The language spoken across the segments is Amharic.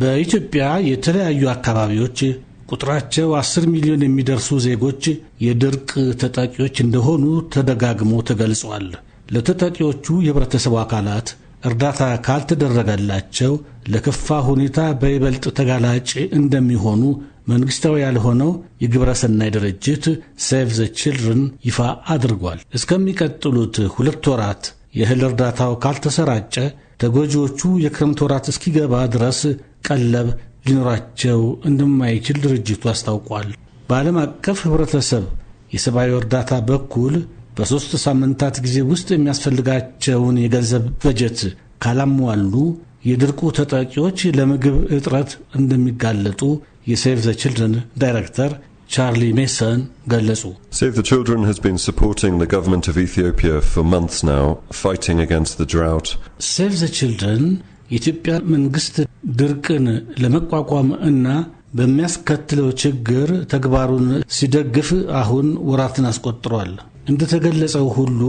በኢትዮጵያ የተለያዩ አካባቢዎች ቁጥራቸው 10 ሚሊዮን የሚደርሱ ዜጎች የድርቅ ተጠቂዎች እንደሆኑ ተደጋግሞ ተገልጿል። ለተጠቂዎቹ የህብረተሰቡ አካላት እርዳታ ካልተደረገላቸው ለከፋ ሁኔታ በይበልጥ ተጋላጭ እንደሚሆኑ መንግሥታዊ ያልሆነው የግብረ ሰናይ ድርጅት ሴቭ ዘ ችልድረን ይፋ አድርጓል። እስከሚቀጥሉት ሁለት ወራት የእህል እርዳታው ካልተሰራጨ ተጎጂዎቹ የክረምት ወራት እስኪገባ ድረስ ቀለብ ሊኖራቸው እንደማይችል ድርጅቱ አስታውቋል። በዓለም አቀፍ ህብረተሰብ የሰብአዊ እርዳታ በኩል በሦስት ሳምንታት ጊዜ ውስጥ የሚያስፈልጋቸውን የገንዘብ በጀት ካላሟሉ የድርቁ ተጠቂዎች ለምግብ እጥረት እንደሚጋለጡ የሴቭ ዘ ችልድረን ዳይሬክተር ቻርሊ ሜሰን ገለጹ። ሴቭ ዘ ችልድረን has been supporting the government of Ethiopia for months የኢትዮጵያ መንግስት ድርቅን ለመቋቋም እና በሚያስከትለው ችግር ተግባሩን ሲደግፍ አሁን ወራትን አስቆጥሯል። እንደተገለጸው ሁሉ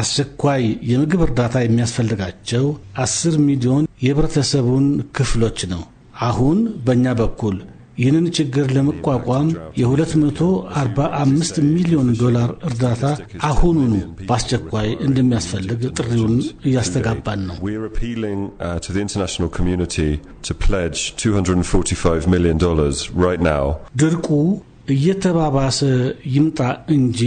አስቸኳይ የምግብ እርዳታ የሚያስፈልጋቸው አስር ሚሊዮን የህብረተሰቡን ክፍሎች ነው። አሁን በእኛ በኩል ይህንን ችግር ለመቋቋም የ245 ሚሊዮን ዶላር እርዳታ አሁኑኑ በአስቸኳይ እንደሚያስፈልግ ጥሪውን እያስተጋባን ነው። uh, ድርቁ እየተባባሰ ይምጣ እንጂ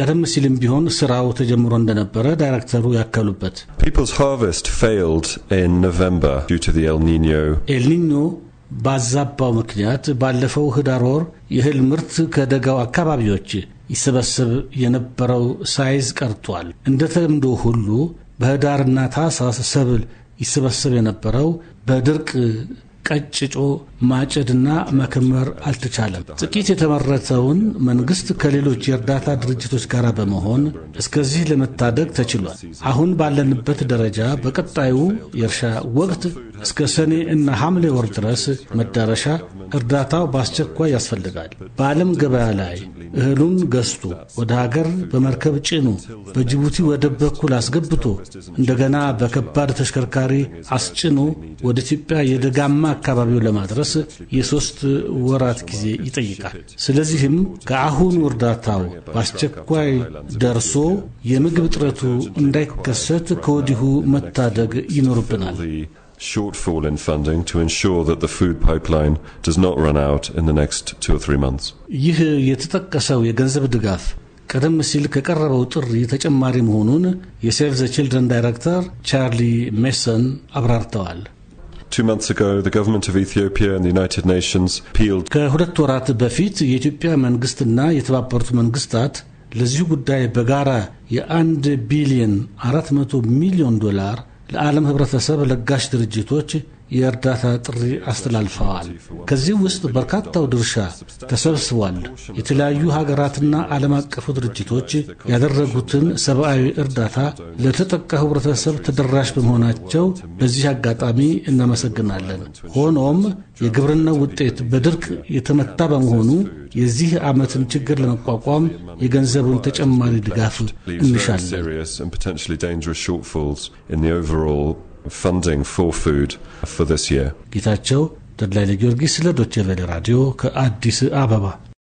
ቀደም ሲልም ቢሆን ስራው ተጀምሮ እንደነበረ ዳይሬክተሩ ያከሉበት ኤልኒኞ ባዛባው ምክንያት ባለፈው ህዳር ወር የእህል ምርት ከደጋው አካባቢዎች ይሰበሰብ የነበረው ሳይዝ ቀርቷል። እንደ ተለምዶ ሁሉ በህዳርና ታኅሳስ ሰብል ይሰበሰብ የነበረው በድርቅ ቀጭጮ ማጨድና መከመር አልተቻለም። ጥቂት የተመረተውን መንግስት ከሌሎች የእርዳታ ድርጅቶች ጋር በመሆን እስከዚህ ለመታደግ ተችሏል። አሁን ባለንበት ደረጃ በቀጣዩ የእርሻ ወቅት እስከ ሰኔ እና ሐምሌ ወር ድረስ መዳረሻ እርዳታው በአስቸኳይ ያስፈልጋል። በዓለም ገበያ ላይ እህሉን ገዝቶ ወደ ሀገር በመርከብ ጭኖ በጅቡቲ ወደብ በኩል አስገብቶ እንደገና በከባድ ተሽከርካሪ አስጭኖ ወደ ኢትዮጵያ የደጋማ አካባቢው ለማድረስ የሶስት ወራት ጊዜ ይጠይቃል። ስለዚህም ከአሁኑ እርዳታው በአስቸኳይ ደርሶ የምግብ እጥረቱ እንዳይከሰት ከወዲሁ መታደግ ይኖርብናል። shortfall in funding to ensure that the food pipeline does not run out in the next two or three months. ይህ የተጠቀሰው የገንዘብ ድጋፍ ቀደም ሲል ከቀረበው ጥሪ ተጨማሪ መሆኑን የሴቭ ዘ ችልድረን ዳይሬክተር ቻርሊ ሜሰን አብራርተዋል። Two months ago, the government of Ethiopia and the United Nations appealed. ከሁለት ወራት በፊት የኢትዮጵያ መንግስትና የተባበሩት መንግስታት ለዚሁ ጉዳይ በጋራ የአንድ ቢሊዮን አራት መቶ ሚሊዮን ዶላር ለዓለም ህብረተሰብ ለጋሽ ድርጅቶች የእርዳታ ጥሪ አስተላልፈዋል። ከዚህ ውስጥ በርካታው ድርሻ ተሰብስቧል። የተለያዩ ሀገራትና ዓለም አቀፉ ድርጅቶች ያደረጉትን ሰብአዊ እርዳታ ለተጠቃ ህብረተሰብ ተደራሽ በመሆናቸው በዚህ አጋጣሚ እናመሰግናለን። ሆኖም የግብርና ውጤት በድርቅ የተመታ በመሆኑ የዚህ ዓመትን ችግር ለመቋቋም የገንዘቡን ተጨማሪ ድጋፍ እንሻለን። funding for food for this year.